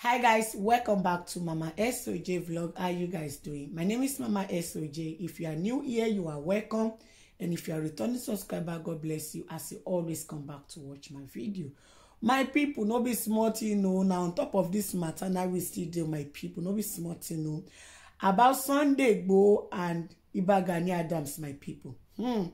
hi guys welcome back to mama soj vlog how you guys doing my name is mama soj if you are new here you are welcome and if you are returning subscriber god bless you as you always come back to watch my video my people no be small thing o Now on top of this matter now we still do my people no be small thing o about Sunday Igboho and Iba Gani Adams my people hmm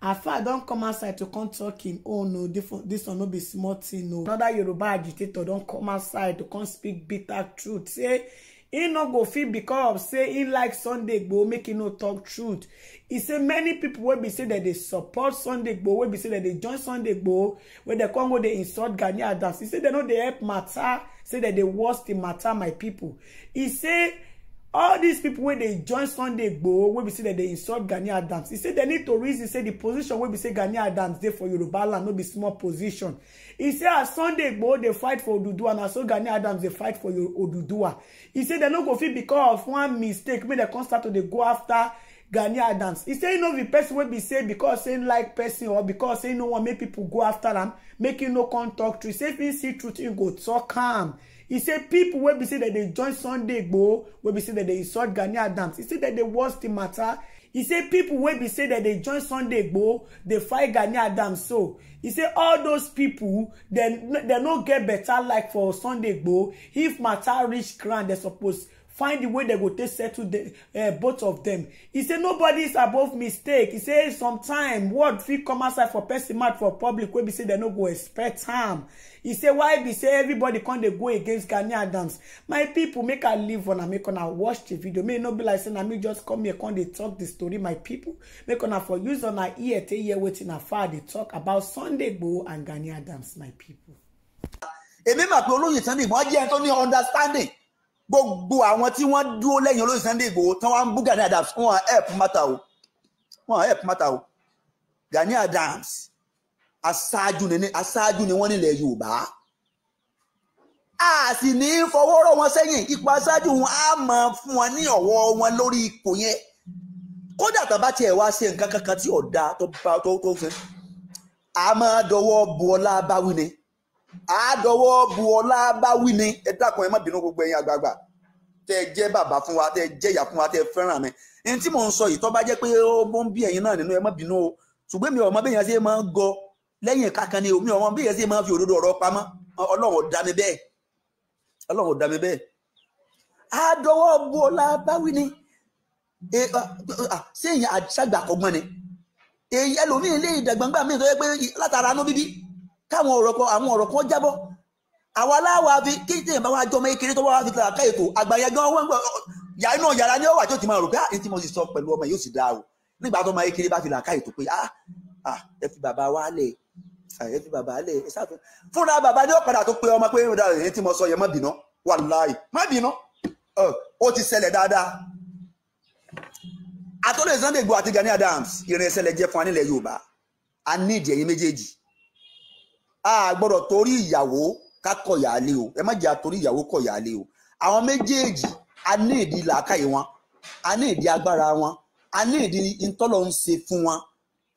afa don come outside to come talk him oh no this one no be small tin o oh. anoda yoruba agitator don come outside to come speak bitter truth say he no go fit because say he like sunday gboo make him no tok truth He say many people wey be say that they support sunday gboo wey be say that they join sunday gboo wey dem come go dey insult gani adams he say they no dey help matter say that they worse the matter my people. He say all these people wey dey join sunday gboo wey be say dem dey insult gani adams e say dem need to reason say the position wey be say gani adams dey for yoruba land no be small position e say as sunday gboo dey fight for oduduwa na so gani adams dey fight for oduduwa e say dem no go fit because of one mistake make dem come start to dey go after gani adams e say e no be person wey be say because say like person or because say no wan make people go after am make e no come talk truth say if e see truth e go talk am He said people will be say that they join sunday gboo will be say that they insult gani adams He said that dey worse di matter. He said people will be say that they join sunday gboo they fight gani adams so he said all those people then they no get better like for sunday gboo if matter reach ground dem suppose find the way they go take settle the uh, both of them He say nobody is above mistake He say sometimes what fit come outside for person mouth for public wey be say they no go expect am He say why be say everybody can't they go against Gani Adams my people make i leave una make una watch the video May e not be like say I may just come here come they talk the story my people make una for use una ear take year waiting afar they talk about Sunday Igboho and Gani Adams my people. èmi ma pé olóyè tán ni ìmọ̀ jẹ́ ẹni tó ní understanding gbogbo àwọn tí wọ́n dúró lẹ́yìn olóyè Sunday Igboho tán wá ń bú Gani Adams wọn help matter o wọn help matter o Gani Adams aṣáájú ni aṣáájú ni wọ́n nílẹ̀ Yorùbá a sì ní fọwọ́rọ̀ wọn sẹ́yìn ipò aṣáájú wọn á mọ̀ fún wọn ní ọ̀wọ́ wọn lórí ipò yẹn kódà tàbá tiẹ̀ wá ṣe nǹkan kankan tí ọ̀dà tó bá tó tó fẹ́ a máa dọwọ́ bu ọlá báwí ni àádọ́wọ́ bu ọlá bá wí ni ẹ dákun ẹ má bínú gbogbo ẹ̀yin àgbààgbà tẹ ẹ jẹ́ bàbá fún wa tẹ ẹ jẹ́ ìyá fún wa tẹ ẹ fẹ́ràn mi ẹni tí mò ń sọ yìí tó bá jẹ́ pé ó bó ń bí ẹ̀yin náà nínú ẹ má bínú o ṣùgbọ́n mi ò mọ bẹ́yẹn ṣe máa ń gọ lẹ́yìn kankan ni mi ò mọ bẹ́yẹn ṣe máa ń fi òdodo ọ̀rọ̀ pamọ́ ọlọ́run ò dá mi bẹ́ẹ̀ ọlọ́run ò mi bẹ́ẹ̀ àádọ́wọ́ bu bá wí ni ṣé èèyàn àṣàgbà kọ́gbọ́n káwọn ọ̀rọ̀ kan àwọn ọ̀rọ̀ kan jábọ́ àwa aláwọ̀ afi kí tèèyàn bá wá jọ ọmọ kékeré tó wá fi kílára ká ètò àgbàyẹn gan wọn yàrá náà yàrá ni ó wà tí ó ti máa rò pé àti ah, tí mo sì sọ pẹ̀lú ọmọ yóò sì dáa o nígbà tó ọmọ kékeré bá fi làákà ètò pé ah ah ẹ fi bàbá wa lẹ̀ ah, ẹ fi bàbá lẹ̀ ẹ sáfẹ́ fúnra bàbá ni ó padà tó pe ọmọ pé ẹ ti mọ sọ yẹn má bínú wàláì má bínú ó ti ṣẹlẹ̀ dáadáa àtọ́lẹ̀ Sunday Igboho àti Gani Adams ìrìn ìṣẹ̀lẹ̀ jẹ́ fún wa nílẹ̀ Yorùbá a ní ìdí ẹ̀yin méjèèjì a gbọ́dọ̀ torí ìyàwó ká kọ̀yà lé o ẹ má jẹ́ àtorí ìyàwó kọ̀yà lé o àwọn méjèèjì a ní ìdí làákàyè wọn a ní ìdí agbára wọn a ní ìdí ntọ́lọ̀ ń ṣe fún wọn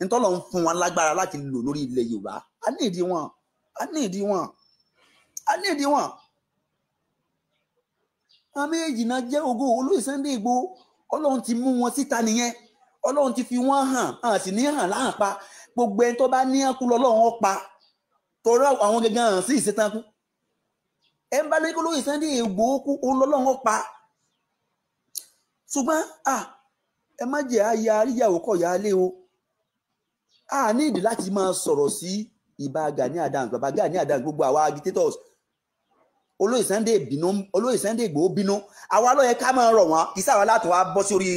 ntọ́lọ̀ ń fún wọn lágbára láti lò lórí ilẹ̀ Yorùbá a ní ìdí wọn a ní ìdí wọn a ní ìdí wọn. àwọn méjèèjì náà jẹ́ ògo olóyè Sunday Igboho Ọlọ́run ti mú wọn síta nìyẹn Ọlọ́run ti fi wọ́n hàn hàn ní hàn láhàn gbogbo ẹni tó bá ní ẹkú lọ́lọ́run ó tọrọ àwọn gẹ́gẹ́ hàn sí ìṣẹ́tàn kú ẹ ń bá lẹ́kọ́ lórí Sunday Igboho kú olólọ́wọ́ pa ṣùgbọ́n à ẹ má jẹ́ àyà àríyàwó kọ̀ yá lé o a ní ìdí láti máa sọ̀rọ̀ sí ìbá Gani Adams bàbá Gani Adams gbogbo àwa agitators olóyè Sunday bínú olóyè Sunday Igboho bínú àwa ló yẹ ká máa rọ̀ wọ́n kì í sáwọn láti wá bọ́ sí orí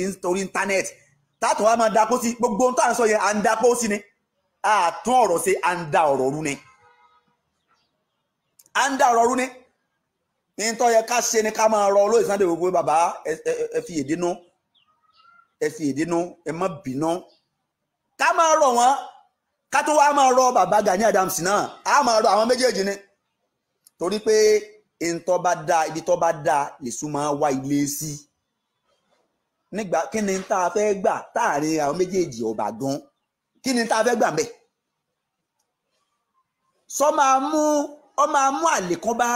íńtánẹ́ẹ̀tì táàtò wa máa dapò sí gbogbo ohun tó à ń sọ yẹn à ń dapò sí ni àtún ọ̀rọ̀ ṣe à ń da ọ̀rọ̀ rú ni à ń dà rọrú ní ní tó yẹ ká ṣe ni ká máa rọ olóyè Sunday gbogbo bàbá ẹ fi èdè nú ẹ fi èdè nú ẹ má bínú ká máa rọ wọn ká tó wá máa rọ bàbá Gani Adams náà á máa rọ àwọn méjèèjì ni torí pé ntọ́ bá dá ibi tọ́ bá dá lèṣù máa wá ilé sí nígbà kí ni tá a fẹ́ gbà táàrin àwọn méjèèjì ọ̀bà gan kí ni tá a fẹ́ gbà bẹ́ẹ̀ sọ máa mú ọ máa mú àlékún bá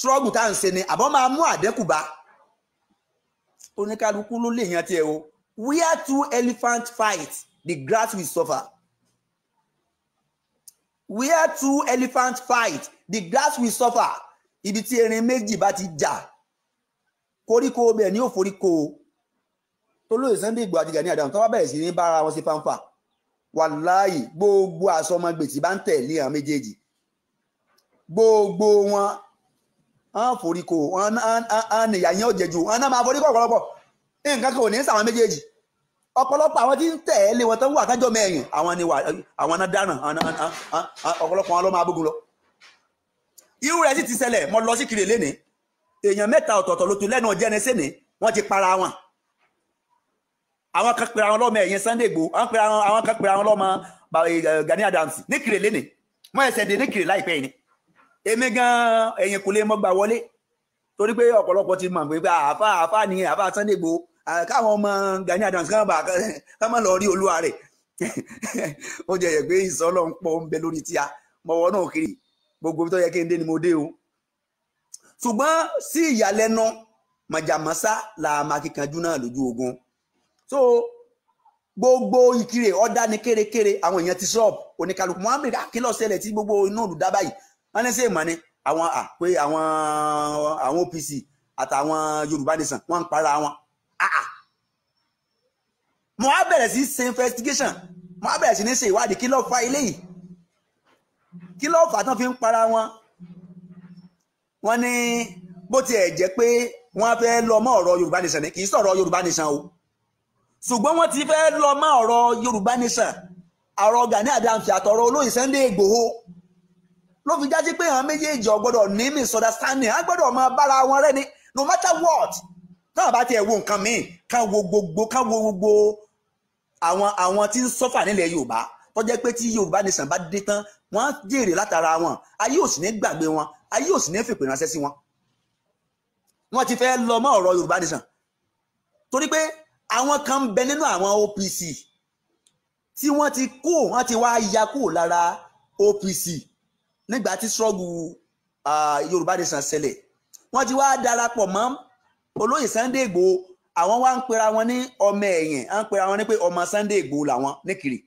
ṣọ́ọ̀gù tá à ń ṣe ni àbọ̀ máa mú àdẹ́kù bá oníkálukú ló lè yan tiẹ̀ o where two elephant fight the grass will suffer where two elephant fight the grass will suffer ibi tí erin méjì bá ti jà koríko bẹ́ẹ̀ ni ó foríko tolóyè Sunday Igboho àti Gani Adams tó bá bẹ̀rẹ̀ sí ní bára wọn ṣe fanfa wàláyì gbogbo àsọmọgbè tí bá ń tẹ̀lé àwọn méjèèjì gbogbo wọn a foriko a na yẹn ò wọn á máa foríkò ọ̀pọ̀lọpọ̀ nǹkan kan ò ní sàwọn méjèèjì ọ̀pọ̀lọpọ̀ àwọn tí ń tẹ̀ ẹ́ lé wọn tó ń wà kájọ́ mẹ́yìn àwọn ni wà àwọn náà wọn ló máa lọ. irú sì ti mo lọ sí kiri lénìí èèyàn mẹ́ta ọ̀tọ̀ọ̀tọ̀ ló tún lẹ́nu ọjẹ́ ní sẹ́ni wọ́n ti para wọn. àwọn kan Sunday àwọn kan eh, Gani Adams ní kiri dé ní kiri yìí èmi gan ẹ̀yìn kò lè mọ́gbà wọlé torí pé ọ̀pọ̀lọpọ̀ ti mọ̀ pé àfa àfa ni àfa Sunday Igboho káwọn ọmọ Gani Adams kan bá kán má lọ rí olúwa rẹ̀ ó jẹ́ yẹ pé ìsọ́lọ́ ń pọ̀ ń bẹ lórí tíya mọ̀wọ́ náà kiri gbogbo tó yẹ kí n dé ni mo dé o ṣùgbọ́n sí ìyàlẹ́nu mọ̀jàmọ́sá la máa kíkanjú náà lójú ogun so gbogbo ìkirè ọ̀dá ni kérekére àwọn èèyàn ti ṣọ́ọ̀bù oníkàlùkù mohammed akínlọ́sẹ̀lẹ̀ tí gbogbo inú olùdábàyìí wọ́n ní sí ìmọ̀ ni àwọn pé àwọn àwọn OPC àtàwọn Yorùbá nation wọ́n ń para wọn mo á bẹ̀rẹ̀ sí ṣe investigation mo á bẹ̀rẹ̀ sí ní ṣe ìwádìí kí ló fa eléyìí kí ló fà tán fi ń para wọn wọ́n ní bó tiẹ̀ jẹ́ pé wọ́n fẹ́ lọ mọ́ ọ̀rọ̀ Yorùbá nation ni kì í sọ̀rọ̀ Yorùbá nation o ṣùgbọ́n wọ́n ti fẹ́ lọ mọ́ ọ̀rọ̀ Yorùbá nation àrọ̀ Gani Adams àtọ̀rọ̀ olóyè Sunday Igboho ló fi jáde pé àwọn méjèèjì ọgbọ́dọ̀ ní misunderstanding àwọn gbọ́dọ̀ máa bára wọn rẹ́ ni no matter what náà bá tiẹ̀ wo nǹkan míì ká wo gbogbo ká wo gbogbo àwọn àwọn tí ń sọ́fà nílẹ̀ Yorùbá tó jẹ́ pé tí Yorùbá nation bá dé tán wọ́n á jèrè látara wọn ayé ò sì ní gbàgbé wọn ayé ò sì ní fìpè ránṣẹ́ sí wọn wọ́n ti fẹ́ lọ mọ́ ọ̀rọ̀ Yorùbá nation torí pé àwọn kan ń bẹ nínú àwọn OPC tí wọ́n ti kó wọ́n ti wá ya kúrò lára OPC nígbà tí struggle Yorùbá nation ṣẹlẹ̀ wọ́n ti wá darapọ̀ mọ́ olóyè Sunday Igboho àwọn wá ń pera wọn ní ọmọ ẹ̀yìn à ń pera wọn ní pé ọmọ Sunday Igboho làwọn níkiri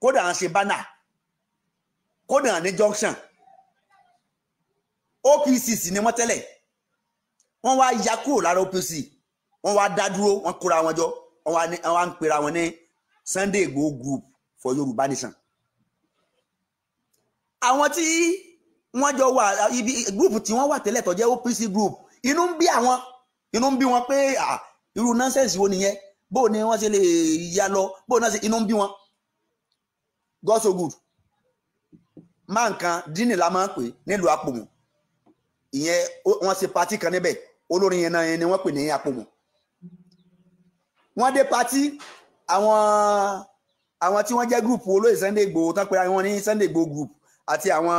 kódà à ń ṣe bánà kódà ní junction OPC ni wọ́n tẹ́lẹ̀ wọ́n wá ya kúrò lára OPC wọ́n wá dá dúró wọ́n kóra wọn jọ wọ́n wá ń pera wọn ní Sunday Igboho group for Yorùbá nation àwọn tí wọ́n jọ wà ibi group tí wọ́n wà tẹ́lẹ̀ tó jẹ́ OPC group inú ń bí àwọn inú ń bí wọn pé irú nonsense wo nìyẹn bó ni wọ́n ṣe lè ya lọ bó náà ṣe inú ń bí wọn God so good máa nǹkan dínì la máa ń pè nílùú Àpòmù ìyẹn wọ́n ṣe patí kan níbẹ̀ olórin yẹn náà ni wọ́n pè ní Àpòmù wọ́n dé patí àwọn àwọn tí wọ́n jẹ́ group olóyè Sunday Igboho tán pé àwọn ní Sunday Igboho group àti àwọn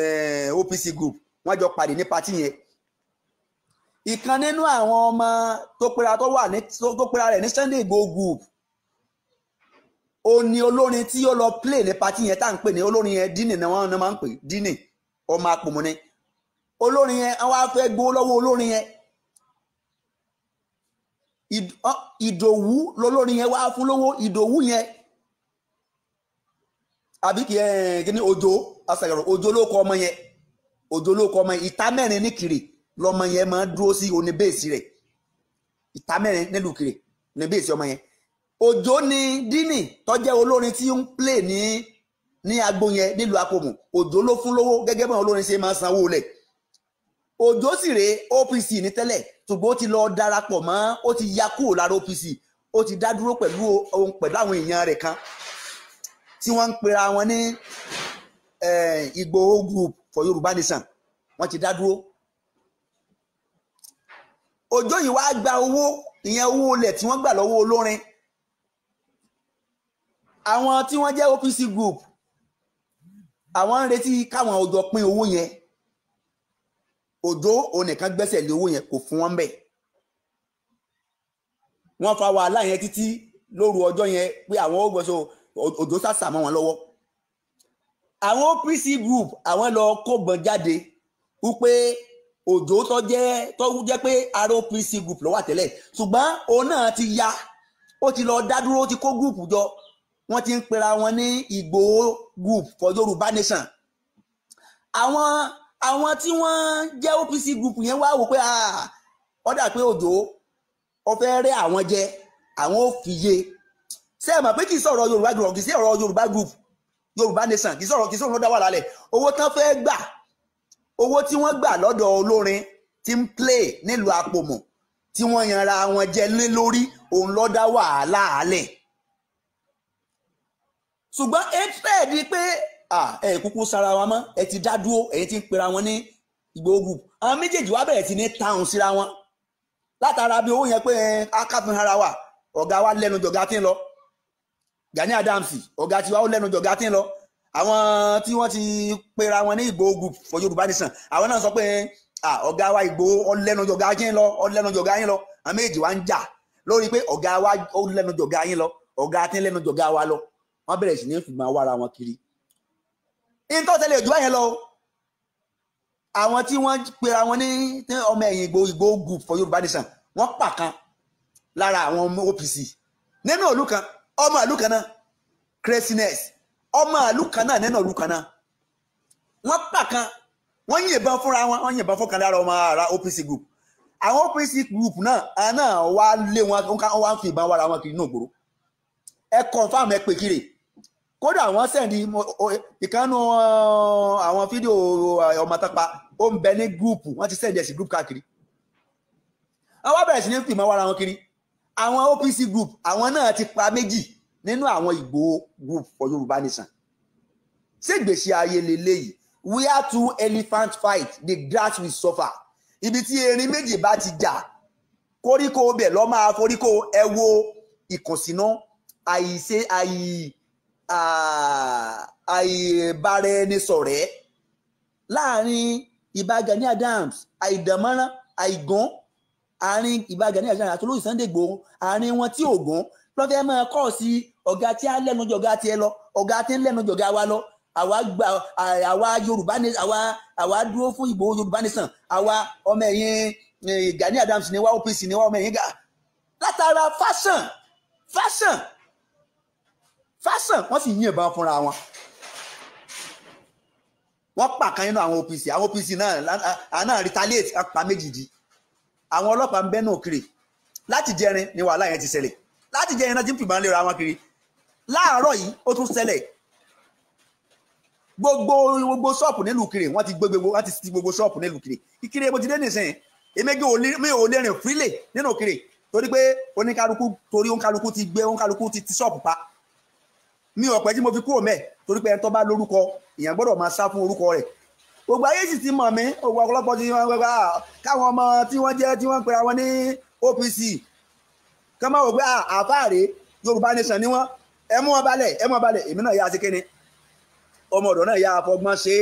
eh, OPC group wọ́n jọ pàdé ní pati yẹn ìkan nínú àwọn ọmọ tó pera tó wà ní tó pera rẹ̀ ní Sunday Igboho group ó ní olórin tí ó lọ play ní pati yẹn tá à ń pè ní olórin yẹn dínì ni wọ́n máa ń pè dínì ọmọ àpòmù ni olórin yẹn àwọn afẹ́ gbowó lọ́wọ́ olórin yẹn ìdòwú lolórin yẹn wá fún lówó ìdòwú yẹn àbí kì í ní ojo asàgàrò ojo ló kọ ọmọ yẹn ojo ló kọ ọmọ yẹn ìta mẹ́rin ní kiri lọmọ yẹn máa dúró sí oní bẹ́ẹ̀sì rẹ̀ ìta mẹ́rin nílùú kiri oní bẹ́ẹ̀sì ọmọ yẹn ojo ni dini tọ́jẹ́ olórin tí ń play ní ní agbo yẹn nílùú akomu ojo ló fún lówó gẹ́gẹ́ bá olórin ṣe máa sanwó lẹ̀ ojo sì rèé OPC ní tẹ́lẹ̀ ṣùgbọ́n ó ti lọ darapọ̀ mọ́ ó ti ya kúrò lára OPC ó ti dá dúró pẹ̀lú àwọn èèyàn rẹ̀ kan tí wọ́n ń pera wọn ní eh, Ìgbòho group for Yorùbá nation wọ́n ti dá dúró Òjó yìí wá gba owó ìyẹn owó olè tí wọ́n gbà lọ́wọ́ olórin àwọn tí wọ́n jẹ́ OPC group àwọn ń retí káwọn Òjó pín owó yẹn Òjó onìkan gbẹ́sẹ̀ lé owó yẹn kò fún wọn bẹ́ẹ̀ wọ́n fa wàhálà yẹn títí lóru ọjọ́ yẹn pé àwọn ó gbọ́ so òjò sàṣà mọ́ wọn lọ́wọ́ àwọn OPC group àwọn lọ kọ́gbọ́n jáde wípé òjò tó jẹ́ tó jẹ́ pé ara OPC group ló wà tẹ́lẹ̀ ṣùgbọ́n òun náà ti ya ó ti lọ dá dúró ó ti kó group jọ wọ́n ti ń pera wọn ní Ìgbòho group for Yorùbá nation àwọn àwọn tí wọ́n jẹ́ OPC group yẹn wá wò pé ó dà pé òjò ó fẹ́ rẹ́ àwọn jẹ àwọn ò fìyè ṣé ẹ mọ̀ pé kì í sọ̀rọ̀ yorùbá group kì í sọ̀rọ̀ yorùbá group yorùbá nation kì í sọ̀rọ̀ kì í sọ̀rọ̀ dá wà lálẹ̀ owó tán fẹ́ gbà owó tí wọ́n gbà lọ́dọ̀ olórin ti ń play nílùú àpòmọ̀ tí wọ́n yanra wọn jẹ lé lórí òun ló dá wàhálà àlẹ̀ ṣùgbọ́n hatred ni pé ẹ kúkú sara wa mọ́ ẹ ti dá dúró ẹ̀yin ti ń pera wọn ní Ìgbòho group àwọn méjèèjì wá bẹ̀rẹ̀ sí ní táwọn síra wọn látara bí owó yẹn pé akáfin ara wa ọ̀gá wa lẹ́nu jọ̀gá fi ń lọ Gani Adams ọ̀gá tiwa ó lẹ́nu jọ̀gá tí ń lọ àwọn tí wọ́n ti pera wọn ní Ìgbòho group for Yorùbá nation àwọn náà sọ pé ọ̀gá wa Ìgbòho ọlẹ́nu jọ̀gá yín lọ ọlẹ́nu jọ̀gá yín lọ àwọn méjì wa ń jà lórí pé ọ̀gá wa ó lẹ́nu jọ̀gá yín lọ ọ̀gá tí ń lẹ́nu jọ̀gá wa lọ wọ́n bẹ̀rẹ̀ sí ní fìgbà wára wọn kiri. nǹkan tẹ́lẹ̀ òjò báyẹn lọ àwọn tí wọ́n pera wọn ní ọmọ ẹ̀yìn Ìgbòho Ìgbòho group for Yorùbá nation wọ́n pàkan lára àwọn OPC nínú òlú kan ọmọ ìlú kan náà craziness ọmọ ìlú kan náà nínú ìlú kan náà wọ́n pàkan wọ́n yìnbọn fúnra wọn wọ́n yìnbọn fún kan lára ọmọ ara OPC group àwọn OPC group náà àná wá lé wọn wá ń fi ìbọn wára wọn kiri náà gbòòrò ẹ confam ẹ pè kiri kódà àwọn sẹ́ni ìkànnù uh, àwọn fídíò uh, ọmọ tápá ó ń bẹ ní gúrùpù wọ́n ti sẹ́ni ẹ̀sìn gúrùpù káàkiri àwọn bẹ̀rẹ̀ sí ní fìmọ̀ wára wọn kiri àwọn OPC group àwọn náà ti pa méjì nínú àwọn Ìgbòho group for Yorùbá Nation ṣègbèsè ayé leléyìí are two elephant fight the grass will suffer ibi tí erin méjì bá ti jà koríko bẹ̀ lọ́ máa foríko ẹ wo ìkùnsínú àìṣe àì àìbára ẹni sọ̀rẹ́ láàrin Ìbà Gani Adams àìdàmọ́ràn àìgán àárín ìbà Gani Adams àti olóyè Sunday Igboho àárín wọn tí ògùn lọ́fẹ́ máa kọ́ sí ọ̀gá tí a lẹ́nu jọ̀gá tiẹ̀ lọ ọ̀gá tí ń lẹ́nu jọ̀gá wa lọ àwa gba àwa Yorùbá ni àwa àwa dúró fún Ìgbòho Yorùbá nìsàn àwa ọmọ ẹ̀yìn eh, Gani Adams ni wa OPC ni wa ọmọ ẹ̀yìn gà látara fashion fashion fashion wọ́n sì yín ìbọn fúnra wọn wọ́n pàkan nínú àwọn OPC àwọn OPC náà àná retaliate apá méjì yìí àwọn ọlọ́pàá ń bẹ́nu kiri láti jẹrin ni wàhálà yẹn ti ṣẹlẹ̀ láti jẹrin náà ti ń fìbọn lé ra wọn kiri láàárọ̀ yìí ó tún ṣẹlẹ̀ gbogbo gbogbo ṣọ́ọ̀pù nílùú kiri wọ́n ti gbogbo wọ́n ti ti gbogbo ṣọ́ọ̀pù nílùú kiri ìkiri mo ti dé nìsín emege mi ò lè rìn fílẹ̀ nínú kiri torí pé oníkálukú torí oníkálukú ti gbé oníkálukú ti ti ṣọ́ọ̀pù pa mi ò pẹ́ tí mo fi kúrò mẹ́ẹ̀ torí pé ẹni tó bá lórúkọ ìyẹn gbọ́dọ̀ máa sá fún orúkọ rẹ̀ gbogbo ayé sì ti mọ̀ mí òwò ọ̀pọ̀lọpọ̀ ti wọn gbẹgbà ah, káwọn ọmọ tí wọ́n jẹ́ tí wọ́n pera wọn ní OPC kán máa wò pé ah, àfáàrè Yorùbá nation ni wọ́n ẹ mú wọn balẹ̀ ẹ mú wọn balẹ̀ èmi náà yá aṣekéni ọmọ ọ̀dọ̀ náà yá afọgbọ́n ṣe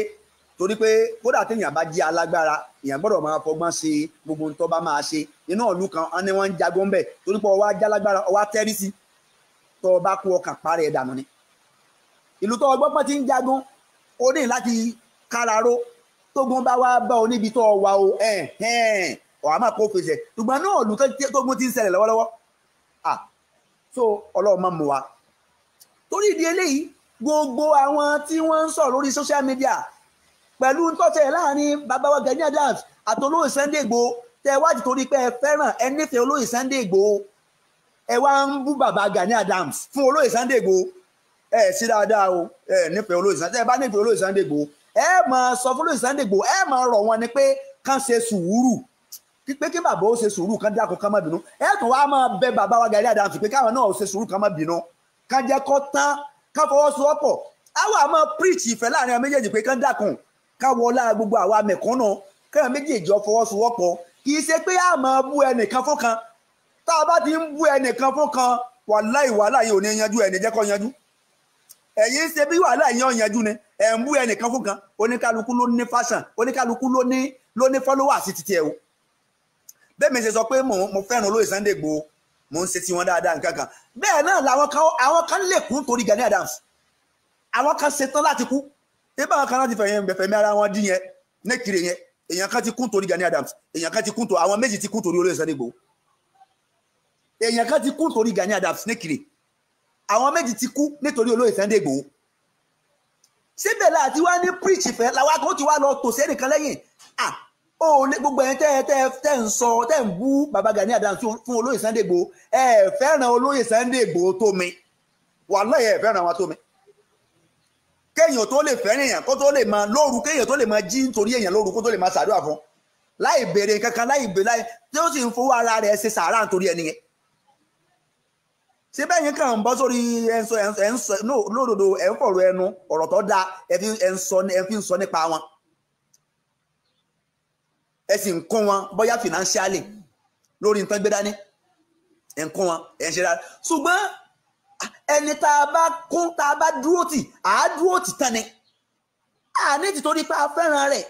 torí pé kódà téèyàn bá jẹ́ alágbára èèyàn gbọ́dọ̀ máa fọgbọ́n ṣe gbogbo nǹkan bá máa ṣe inú ọ̀lú kan wọn ni wọ́n ń jagun bẹ̀ torí pé ọwọ́ ajá ọwọ́ atẹ́rí sí tọ́ kú ọkàn parẹ́ ẹ̀dànù ni ìlú tó ọgbọ́n pọ́n ti ń jagun ó ní láti káraró tógun bá wá bá ọ níbi tó wà o ọ̀hà máa kó fèsì ẹ̀ ṣùgbọ́n náà ọ̀lù tógun ti ń ṣẹlẹ̀ lọ́wọ́lọ́wọ́ ah so ọlọ́run máa mú wa torí ìdí eléyìí gbogbo àwọn tí wọ́n ń sọ̀rọ̀ lórí social media pẹ̀lú tọ́tẹ̀ láàrin bàbá wa Gani Adams àtolóyè Sunday Igboho tẹ wá ti torí pé ẹ fẹ́ràn ẹ nífẹ̀ẹ́ olóyè Sunday Igboho ẹ wá ń bú bàbá Gani Adams fún olóyè Sunday Igboho ẹ sí dáadáa o ẹ nífẹ̀ẹ́ olóyè Sunday ẹ bá nífẹ̀ẹ́ olóyè Sunday Igboho ẹ máa sọ fún Olóyè Sunday Igboho ẹ máa rọ̀ wọ́n ní pé kán ṣe sùúrù pé kí bàbá ó ṣe sùúrù kán dákun kán má bínú ẹ tún wá máa bẹ bàbá wa Gani Adams pé káwọn náà ó ṣe sùúrù kán má bínú kán jẹ́ kó tán kán fọwọ́sowọ́pọ̀ àwọn àmọ́ preach ìfẹ́ láàrin àwọn méjèèjì pé kán dákun kán wọlá gbogbo àwa mẹ̀kúnnù kán méjèèjì ọ fọwọ́sowọ́pọ̀ kì í ṣe pé a máa bú ẹnìkan fún kan tá a bá ti ń bú ẹnìkan fún kan wàláì wàláì ò ní yanjú ẹnì jẹ́ kó yanjú ẹ̀yin ṣe bí wàhálà yẹn ọ̀yanjú ni ẹ̀ ń bú ẹnìkan fún kan oníkálukú ló ní fashion oníkálukú ló ní ló ní follower sí títí ẹ̀ o bẹ́ẹ̀ mi ṣe sọ pé mo fẹ́ràn olóyè Sunday Igboho mo ń ṣe tí wọ́n dáadáa nǹkan kan bẹ́ẹ̀ náà làwọn kan àwọn kan lè kú torí Gani Adams àwọn kan ṣetán láti kú ebí àwọn kan láti fẹ̀mí ara wọn dín yẹn nẹ́kiri yẹn èèyàn kan ti kún torí Gani Adams èèyàn kan ti kún torí àwọn méjì ti kún torí olóyè Sunday Igboho èèyàn kan ti kún torí Gani Adams nẹ́kiri àwọn méjì ti kú nítorí olóyè Sunday Igboho síbẹ̀ láti wá ní preach fẹ́ làwọn akọ́ ti wá lọ tò sẹ́ẹ̀dì kan lẹ́yìn à ó ní gbogbo ẹ̀yin tẹ́ tẹ́ tẹ́ ń sọ tẹ́ ń bú bàbá Gani Adams fún olóyè Sunday Igboho ẹ fẹ́ràn olóyè Sunday Igboho tó mi wàláhì ẹ fẹ́ràn wa tó mi kéèyàn tó lè fẹ́ràn èèyàn kó tó lè máa lóru kéèyàn tó lè máa jí nítorí èèyàn lóru kó tó lè máa ṣàdúrà fún láì béèrè kankan láì béèrè láì tí ó sì ń fowó ara rẹ̀ ṣe sàárà nítorí ẹni yẹn ṣé bẹ́ẹ̀ yín kàn ń bọ́ sórí ẹ̀ńsọ ẹ̀ńsọ lódodo ẹ̀ńfọ̀rọ̀ ẹnu ọ̀rọ̀ tó dáa ẹ̀fí ẹ̀ńsọ ẹ̀fí ń sọ nípa wọn ẹ̀ sì ń kún wọn bóyá financially lórí nǹkan gbé dání ẹ̀ ń kún wọn ẹ̀ ń ṣe dáadáa ṣùgbọ́n ẹni tá a bá kún tá a bá dúró tì á dúró tì tán ni à ní tìtorí pé afẹ́ràn rẹ̀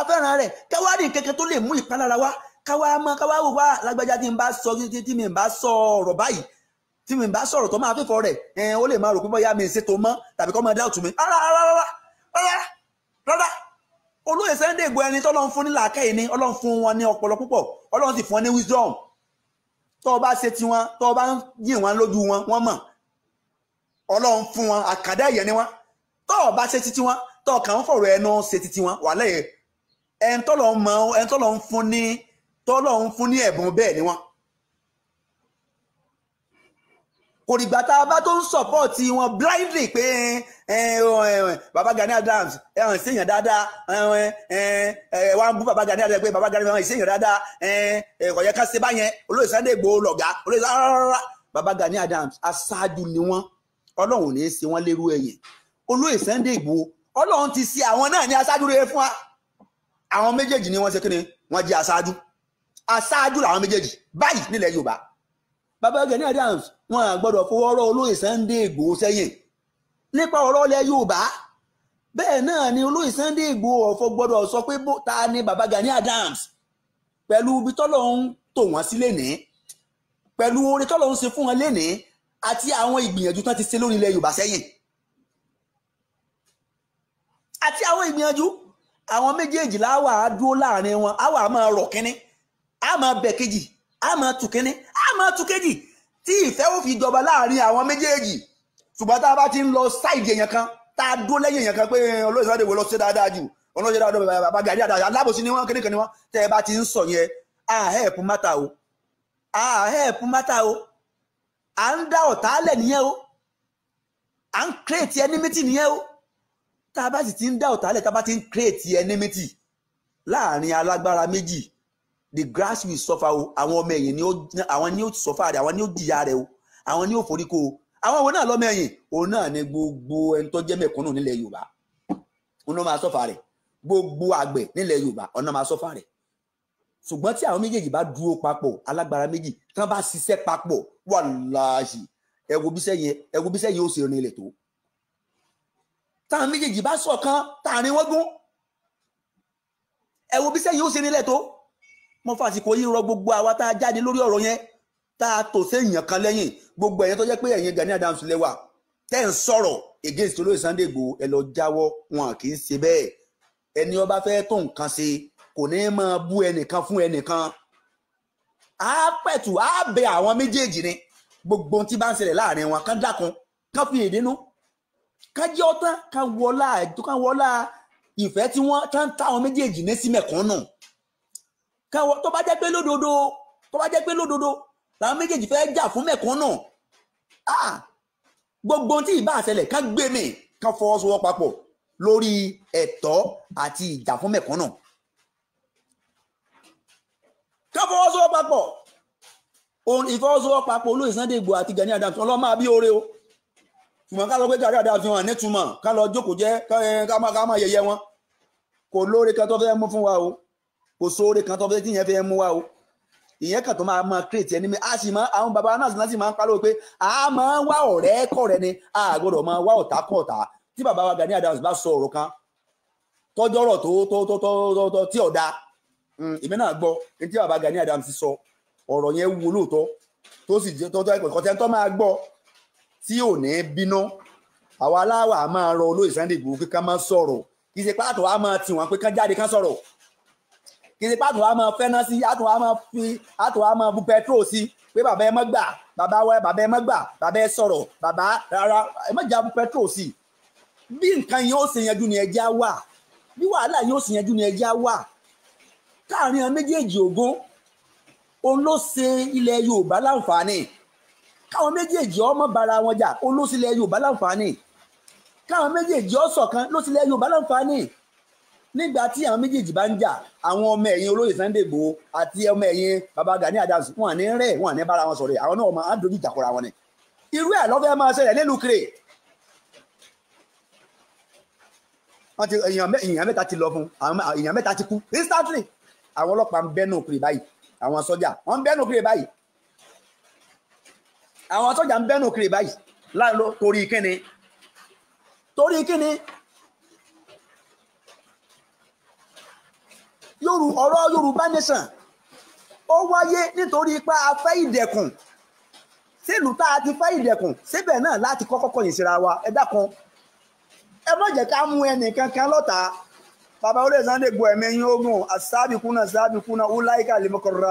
afẹ́ràn rẹ̀ káwá ní kẹ̀kẹ́ tó lè mú ìpalára wá káwá mọ́ káwá wò wá ah, lágbájá tí n bá sọ tí mi bá sọ tí mi bá sọ̀rọ̀ tó máa fífọ́ rẹ̀ ẹ̀ẹ́n ó lè máa rò pé bóyá mi ṣètò mọ́ tàbí kọ́ máa dá òtún mi rárá rárá rárá rárá rárá olóyè Sunday Igboho ẹni tọ́lọ́run fún ní làákàyè ni ọlọ́run fún wọn ní ọpọlọ púpọ̀ ọlọ́run sì fún wọn ní wisdom tọ́ ọ bá ṣe tiwọn tọ́ ọ bá ń yìn wọn lójú wọn wọ́n mọ̀ ọlọ́run fún wọn àkàdá ẹ̀yẹ ni wọn tọ́ ọ bá ṣe titi wọn tọ́ ọ kàn ń fọ̀rọ̀ ẹnu ṣe titi wọn wàhálà yẹn ẹni tọ́lọ́run mọ̀ ẹni tọ́lọ́run fún ní tọ́lọ́run fún ní ẹ̀bùn bẹ́ẹ̀ ni wọn kò dìgbà tá a bá tó ń sọ̀pọ̀tì wọn blindly pé baba Gani Adams ẹ̀hàn ìṣèyàn dáadáa wà bú baba Gani Adams pé baba Gani Adams ìṣèyàn dáadáa kò yẹ ká ṣe báyẹn olóyè Sunday Igboho lọ̀gá olóyè rárá baba Gani Adams aṣáájú ni wọ́n ọlọ́run ní í ṣe wọ́n lérú ẹ̀yìn olóyè Sunday Igboho ọlọ́run ti ṣe àwọn náà ní aṣáájú rere fún wa àwọn méjèèjì ni wọ́n ṣe kíni wọ́n jẹ́ aṣáájú aṣáájú làwọn méjèèjì báyìí nílẹ̀ Yorùbá baba Gani Adams wọn à gbọ́dọ̀ fọwọ́ rọ́ olóyè Sunday Ìgbòho sẹ́yìn nípa ọ̀rọ̀ ilẹ̀ Yorùbá bẹ́ẹ̀ náà ni olóyè Sunday Ìgbòho ọ̀fọ̀ gbọ́dọ̀ sọ pé ta ni baba Gani Adams pẹ̀lú ibi tọ́lọ̀ ń tò wọ́n sí lénìí pẹ̀lú oore tọ́lọ̀ ń ṣe fún wọn lénìí àti àwọn ìgbìyànjú tán ti ṣe lórí ilẹ̀ Yorùbá sẹ́yìn àti àwọn ìgbìyànjú àwọn méjèèjì láwà á dúró láàrin wọn á wà á máa rọ̀ kínní á máa bẹ̀ kejì á máa tù kínní á máa tù kejì tí ìfẹ́ ò fi jọba láàrin àwọn méjèèjì ṣùgbọ́n tá a bá ti ń lọ sáìdì èèyàn kan tá a dó lẹ́yìn èèyàn kan pé olóyè sáde wo lọ sí dáadáa jù olóyè dáadáa bàbá gàdí àdáyà alábòsí ni wọ́n kéde kan ni wọ́n tẹ́ ẹ bá ti ń sọ yẹn a help matter o a help matter o à ń dá ọ̀tá lẹ̀ nìyẹn o à ń create enmity nìyẹn o tá a bá sì ti ń dá ọ̀tá lẹ̀ tá a bá ti ń create enmity láàrin alágbára méjì the grass will suffer o àwọn ọmọ ẹ̀yìn ni ó àwọn ni ó suffer rẹ̀ àwọn ni ó jìyà rẹ̀ o àwọn ni ó foríkó o àwọn òun náà lọ́mọ ẹ̀yìn òun náà ni gbogbo ẹni tó jẹ́ mẹ̀kúnnù nílẹ̀ Yorùbá òun náà máa suffer rẹ̀ gbogbo àgbẹ̀ nílẹ̀ Yorùbá òun náà máa suffer rẹ̀ ṣùgbọ́n tí àwọn méjèèjì bá dúró papọ̀ alágbára méjì tán bá ṣiṣẹ́ papọ̀ wàláhì ẹ wo bíṣẹ́ yẹn ẹ wo bíṣẹ́ yẹn ó ṣe rinlẹ̀ tó táwọn méjèèjì bá ṣọ̀kan táàrin wọ́n gún ẹ wo bíṣẹ́ yẹn ó ṣe rinlẹ̀ tó mo fàsìkò yìí rọ gbogbo àwa tá a jáde lórí ọ̀rọ̀ yẹn tá a tò séèyàn kan lẹ́yìn gbogbo ẹ̀yẹn tó jẹ́ pé ẹ̀yin Gani Adams lẹ́wà tẹ́ ń sọ̀rọ̀ against olóyè Sunday Igboho ẹ lọ jáwọ́ wọn kì í ṣe bẹ́ẹ̀ ẹni ó fẹ́ tó nǹkan ṣe kò ní máa bú ẹnìkan fún ẹnìkan á pẹ̀tù á bẹ àwọn méjèèjì ni gbogbo tí bá ń ṣẹlẹ̀ láàrin wọn kán dákun kán fi ìdínú kán jẹ́ ọ̀tán kán wọlá ìfẹ́ tí wọ́n tán táwọn méjèèjì ní sí káwọ tó bá jẹ́ pé lódodo tó bá jẹ́ pé lódodo làwọn méjèèjì fẹ́ jà fún mẹ̀kúnnù ah gbogbo tí ìbá àṣẹlẹ̀ ká gbé mi ká fọwọ́sowọ́ papọ̀ lórí ẹ̀tọ́ àti ìjà fún mẹ̀kúnnù ká fọwọ́sowọ́ papọ̀ ìfọwọ́sowọ́ papọ̀ olóyè Sunday Igboho àti Gani Adams ọlọ́mọ àbí oore o ṣùgbọ́n ká lọ gbé Gani Adams wọn nítumọ̀ ká lọ jókòó jẹ́ ká máa yẹ̀yẹ́ wọn kò lóore kan tó fẹ́ mú fún wa o kò sóore kan tó fẹ́ tí ìyẹn fẹ́ mú wa o ìyẹn kan tó máa máa create ẹni mi a sì máa àwọn baba náà láti máa ń pariwo pé a máa wá ọ̀rẹ́ kọ̀rẹ́ ni a gbọ́dọ̀ máa wá ọ̀tá kọ̀ ọ̀tá tí baba wa Gani Adams bá sọ ọ̀rọ̀ kan tọ́jọ́rọ̀ tó tó tó tó tó tí ọ̀dà hmm, èmi náà gbọ́ ní tí baba Gani Adams sọ ọ̀rọ̀ yẹn wúwo lóòótọ́ tó sì jẹ́ tọ́jọ́ ẹ̀kọ́ ìkọ́tẹ́ tó máa gbọ́ tí ò ní bínú àwa aláwọ̀ a máa rọ olóyè Sunday Igboho pé ká máa sọ̀rọ̀ kì í ṣe pàtó a máa tì wọ́n pé ká jáde ká sọ̀rọ̀ kì í ṣe pàtó wa máa fẹ́ná sí àtò máa fi àtò máa bu petrol sí pé bàbá ẹ mọ́ gbà bàbá wa bàbá ẹ mọ́ gbà bàbá ẹ sọ̀rọ̀ bàbá rárá ẹ mọ́ jà bu petrol sí bí nǹkan yẹn ó ṣe yanjú ni ẹjẹ́ á wà bí wàhálà yẹn ó ṣe yanjú ni ẹjẹ́ á wà káàrin àwọn méjèèjì ògún òun ló ṣe ilẹ̀ Yorùbá láǹfààní káwọn méjèèjì ọmọ bara wọn jà òun ilẹ̀ Yorùbá láǹfààní káwọn méjèèjì ọ̀sọ̀kan ló ilẹ̀ Yorùbá láǹfààní nígbà tí àwọn méjèèjì bá ń jà àwọn ọmọ ẹ̀yìn olóyè Sunday Igboho àti ọmọ ẹ̀yìn baba Gani Adams wọn à ní rẹ̀ wọn à ní bára wọn sọ̀rọ̀ àwọn náà máa ń dojú ìjà kọra wọn ni irú ẹ̀ lọ́fẹ́ máa ṣẹlẹ̀ nílùú kiri wọ́n ti èèyàn mẹ́ta ti lọ fún èèyàn mẹ́ta ti kú instantly àwọn ọlọ́pàá ń bẹ́nu kiri báyìí àwọn sọ́jà wọ́n ń bẹ́nu kiri báyìí àwọn sọ́jà ń bẹ́nu kiri báyìí láì lọ torí kíni torí kíni ọ̀rọ̀ Yorùbá nation ó wáyé nítorí pé a fẹ́ ìdẹ̀kùn sílùú tá a ti fẹ́ ìdẹ̀kùn síbẹ̀ náà láti kọ́kọ́ kọ̀yìn síra wa ẹ dákun ẹ má jẹ́ ká mú ẹnì kankan lọ́ta bàbá olóyè Sunday Igboho ẹ̀mẹ́yìn ogun àsábìkúnà sábìkúnà ó láyé ká lè mọ́kànlá